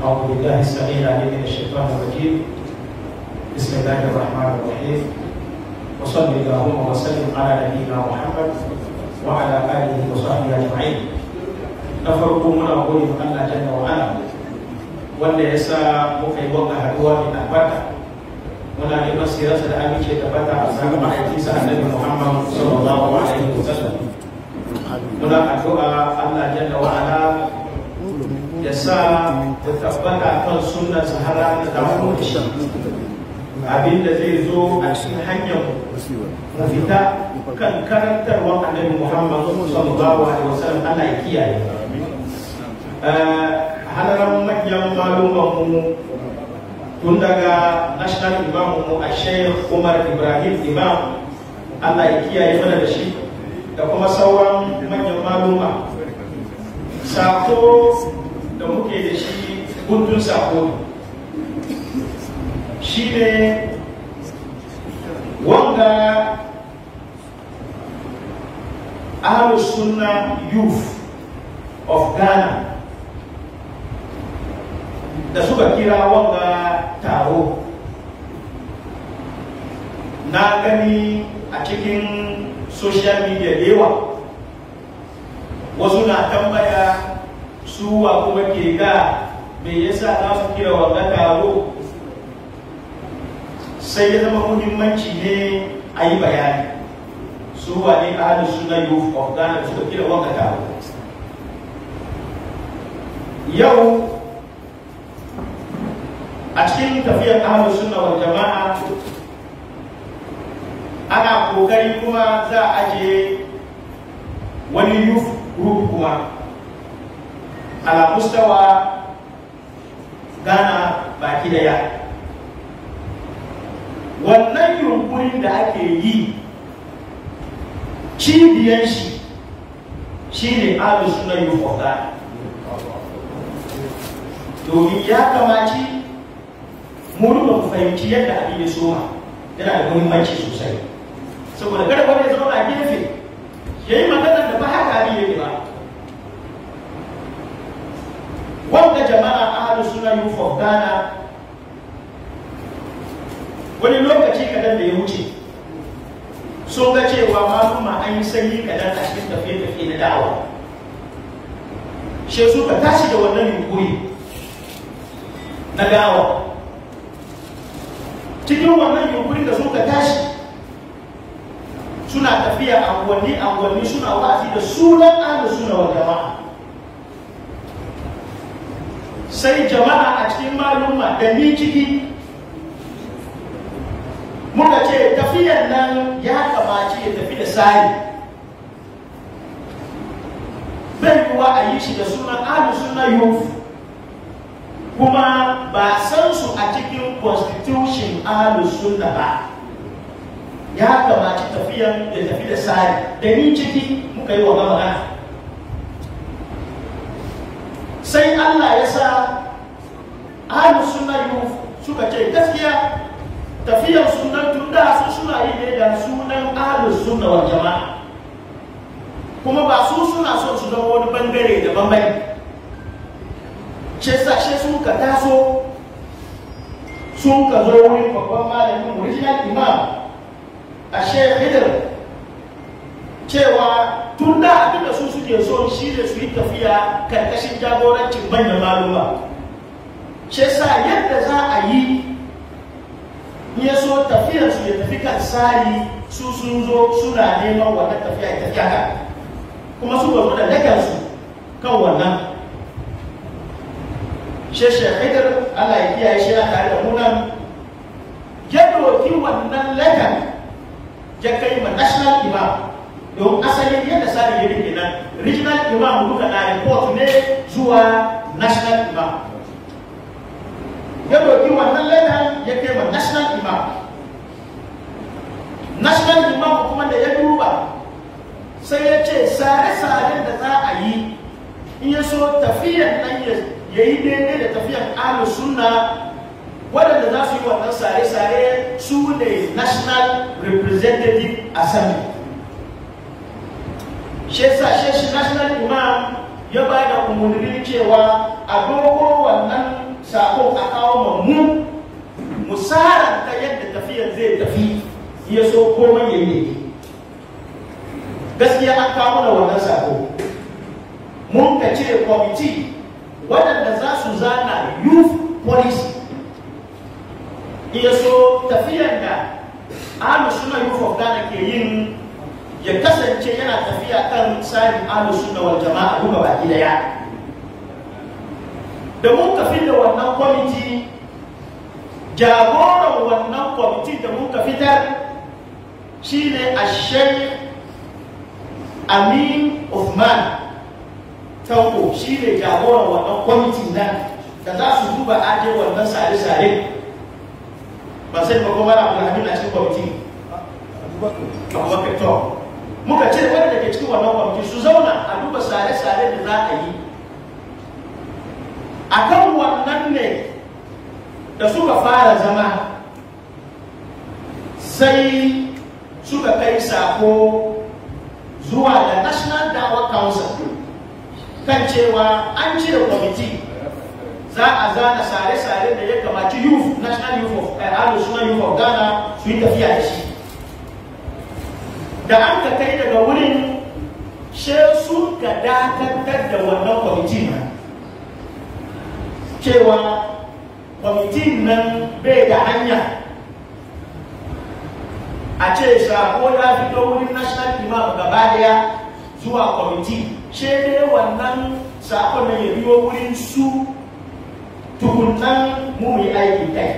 أعوذ بالله السميع العليم من الشيطان الرجيم بسم الله الرحمن الرحيم وصل اللهم وسلم على نبينا محمد وعلى آله وصحبه أجمعين نفرق من أقول الله جل وعلا wanda ya sa muka yi wannan haduwa mai tabbata muna neman siyasa da amince tabbata a tsarin mahaifinsa annabi muhammad sallallahu alaihi wasallam muna addu'a allah jalla ya sa tabbata kan sunan sahara da abin abinda zai zo a cikin hanyar mu fita kan karantarwar annabi Muhammad sallallahu alaihi wasallam ana kiyaye eh, halaran manyan malumanmu mu tun daga national imam mu a sheikh umar ibrahim imam allah ya kiyaye mana da shi da kuma sauran manyan maluma sako da muke da shi guntun sako shi ne wanda ahlus suna youth of ghana da suka kira wanga taro na gani a cikin social media da yawa wasu na tambaya su wa kuma ke ga me yasa za su kira wannan taro sai ya zama muhimmanci ne a yi bayani su ba a hannun suna youth of ghana suka kira wannan taro yau a cikin tafiyar ahalin suna wa jama'a ana kokari kuma za a ajiye wani youth group kuma ala mustawa gana baki daya wannan yunkurin da ake yi cibiyan shi shine alu suna yi domin ya kamaci mu duka ku fahimci yadda abin ya soma yana da muhimmanci sosai saboda kada wanda ya a gefe ya yi magana da ba haka abin yake ba wanda jama'a ahalus suna yin gana, wani lokaci kadan da ya wuce sun ga cewa maluma an yi sanyi kadan a cikin tafiye-tafiye na da'awa shi ka tashi da wannan yunkuri na da'awa cikin wannan yunkuri da suka tashi suna tafiya a wani suna wa'azi da sunan ana suna wa jama'a sai jama'a a cikin malumma da ni ciki muka ce tafiyan nan ya kamace ya tafi da sari bai kuwa a yi shi da suna alu suna yuf kuma ba san su a cikin constitution alu suna ba ya kamace tafiyan da tafi da sari da ni ciki muka yi wa magana sai Allah ya sa suka ce gaskiya tafiyar sunan tun da su suna yi ne da sunan ahlus suna wa jama'a kuma ba su suna son su zama wani bangare da bambai ce sashe sun ka taso sun ka zo wurin babban malamin original imam a shehidar cewa tun da su suke so shi da su yi tafiya karkashin jagorancin manyan maluma shi yasa yadda za a yi in ya so tafiya su ya tafi kan sari su sun zo suna neman wata tafiya ya tafiya ka kuma su ba zo da dakansu kan wannan shi haidar Allah ya kiyaye shi a tare da munan ya doki wannan lakan ya kai ma national imam don asalin yadda sari ya rike nan regional imam duka na report ne zuwa national imam ya roƙi wannan ledan ya kai wa national imam national imam kuma da ya duba sai ya ce sare sare da za a yi in ya so tafiyan nan ya yi daidai da tafiyan alu sunna waɗanda za su yi wannan sare-sare su ne national representative assembly shi yasa shi national imam ya ba da umarni cewa a dogo wannan sako a kawo mu mu ta yadda tafiyar zai tafi ya so komai ya yi gaskiya an kawo na wannan sako mun ka ce kwamiti waɗanda za su zana youth policy Ya so tafiyar da ahlus suna youth of ghana ke yin ya kasance yana tafiya kan tsarin ahlus suna wal jama'a kuma baki da daya da muka da wannan kwamiti jagoran wannan kwamiti da muka fitar shine ashek amin Uthman tauko shi ne jagoran wannan kwamiti nan da za su duba ake wannan sare-sare ba sai ba kuma rabu amin a cikin kwamiti abubakar to muka ce wanda ke cikin wannan kwamiti su zauna a duba sare-sare da za a yi a kan wannan ne da suka fara zama sai suka kai sako zuwa da national dawa council kan cewa an da kwamiti za a zana sare-sare da ya kamaci youth national youth of eh, alu suna youth of ghana su yi tafiya da shi da an ka kai daga wurin shi sun ka dakatar da wannan kwamiti na cewa kwamitin nan bai da hanya a ce sako ya fito wurin national imam gaba daya zuwa kwamiti ce ne wannan sakon ya biyo wurin su tukunan mu mai aiki kai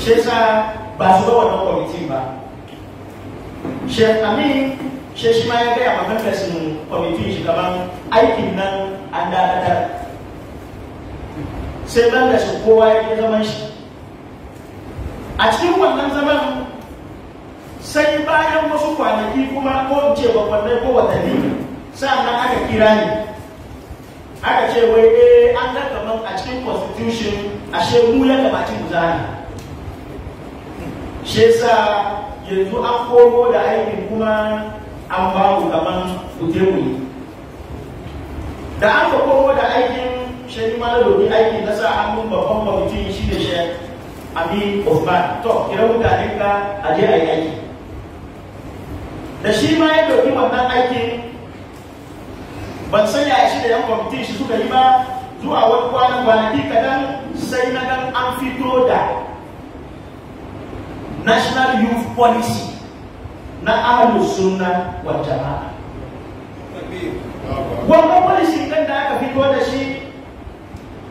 shi sa ba su wannan kwamitin ba shek amin shi shi ma ya gaya magandasin kwamitin shi gaban aikin nan an dakatar sai shi kowa ya ke zaman shi a cikin wannan zaman sai bayan wasu kwanaki kuma ko ce kwanai ko watanni sa'annan aka kira ni aka ce wai eh an ga kaman a cikin constitution ashe mu ya gabaci mu zane shi yasa yanzu an koro da aikin kuma an ba mu kaman ku da an koro da aikin shi ma da domin aiki na sa hannun babban kwamitin shi da shi abi Osman to kira mutanen ka a je a yi aiki da shi ma ya domin wannan aiki ban sanya shi da yan kwamitin shi suka yi ba zuwa wani kwanan kwanaki kadan sai na gan an fito da national youth policy na suna sunna wa jama'a ah, wannan policy kan da aka fito da shi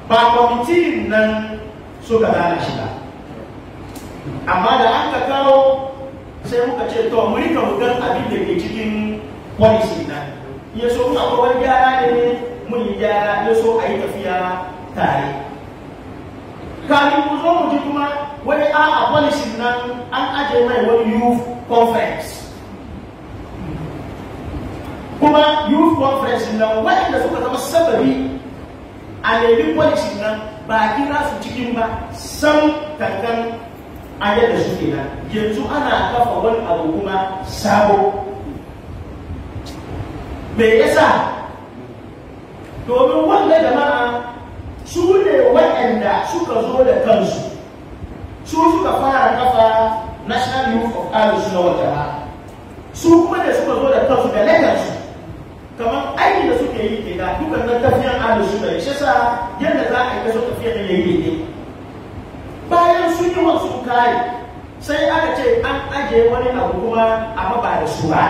ba kwamitin nan suka gane shi ba amma da an ka kawo sai muka ce to mu rika mu gan abin da ke cikin policy na ya so muna wani gyara ne mun yi gyara ya so a yi tafiya tare kafin mu zo mu ji kuma wani a a policy nan an aje mai wani youth conference kuma youth conference nan wanda suka zama sababi a nemi policy nan ba a kira su cikin ba san kankan a yadda su ke nan yanzu ana kafa wani abu kuma sabo me yasa domin wanda jama'a su ne waɗanda suka zo da kansu su suka fara kafa national youth of arms na wata su kuma da suka zo da kansu da legansu kamar aiki da suke yi ke da dukkan su da shi sa yadda za a yi kaso tafiya da yayi ne bayan sun yi wasu kai sai aka ce an ajiye wani abu kuma a ba da su ba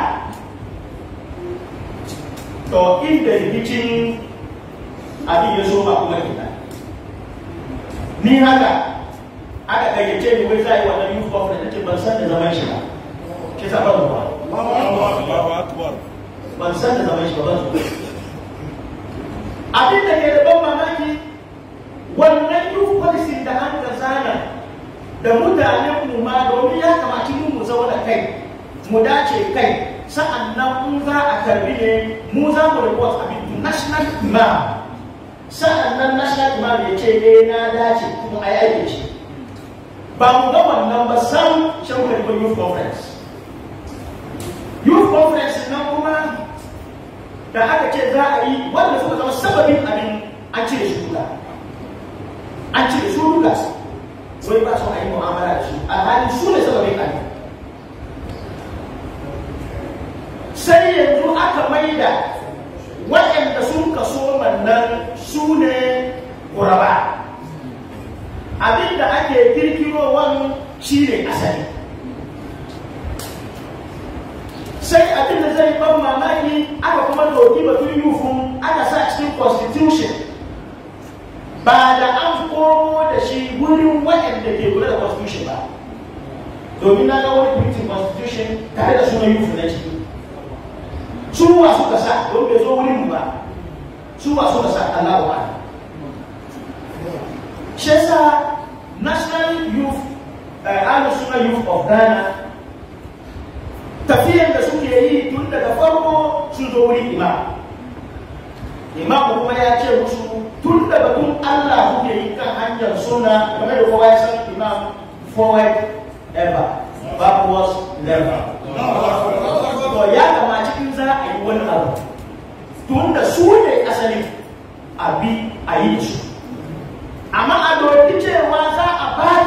to inda rikicin abin ya so ba kuma kenan ni haka aka gayyace ni wai za a yi wannan youth conference ban san da zaman shi ba ke sa ban ba ban san da zaman shi ba ban zuwa abin da ke da ban mamaki wannan youth policy da an ka zana da mutanen mu ma domin ya kamaci mu mu zauna kai mu dace kai sa'an nan mu za a karbi ne mu za mu report abin national imam sa'an nan national imam ya ce eh na dace kuma a yaƙe shi ba mu ga wannan ba sam shan youth conference youth conference nan kuma da aka ce za a yi wanda suka zama sababin abin an cire shi kula an cire shi kula so wai ba su a yi mu'amala da shi alhali su ne sababin abin sai yanzu aka maida waɗanda sun kaso nan su ne ƙuraba abin da ake wani shi ne asali sai abin da zai ban mamaki aka kuma doki batun yufun aka sa cikin constitution ba da an komo da shi wurin waɗanda ke kula da constitution ba domin na ga wani printing constitution tare da suna yufu na ciki su wa ka sa don bai zo wurin ba su wa ka sa Allah ba shi national youth uh, eh, suna youth of Ghana tafiyan da su tun daga farko sun zo wuri imam imam kuma ya ce musu tun da batun Allah kuke yi kan hanyar suna kamar da kowa ya san imam forward ever backwards never to ya kama in za a yi wani abu tun da su ne asali a bi a yi su amma a doki cewa za a ba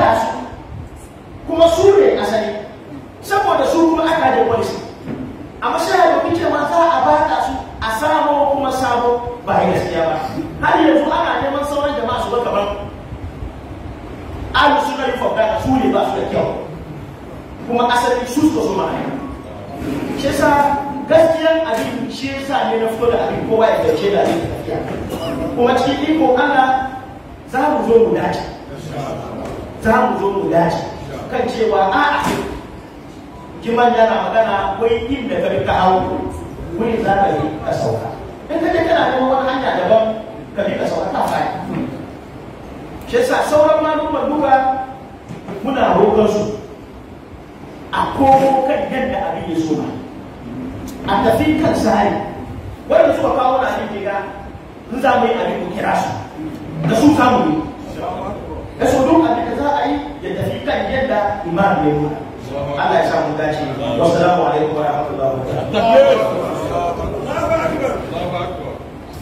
abin kowa ya ɗauke da abin kuma cikin iko Allah za mu zo mu dace za mu zo mu dace kan cewa a'a kiman yana magana wai inda ka bi ka hau wurin za ka yi ka sauka in ka je kana neman wani hanya daban ka bi ka sauka ta fara, shi yasa sauran malumman duka muna roƙon su a komo kan yadda abin ya soma a tafi kan sa'ai wani suka kawo na abin ga in za mu yi abin ku kira su da su samu ne da su duk abin da za a yi ya tafi kan yadda imam ya yi Allah ya samu dace wassalamu alaikum wa rahmatullahi wa barakatuh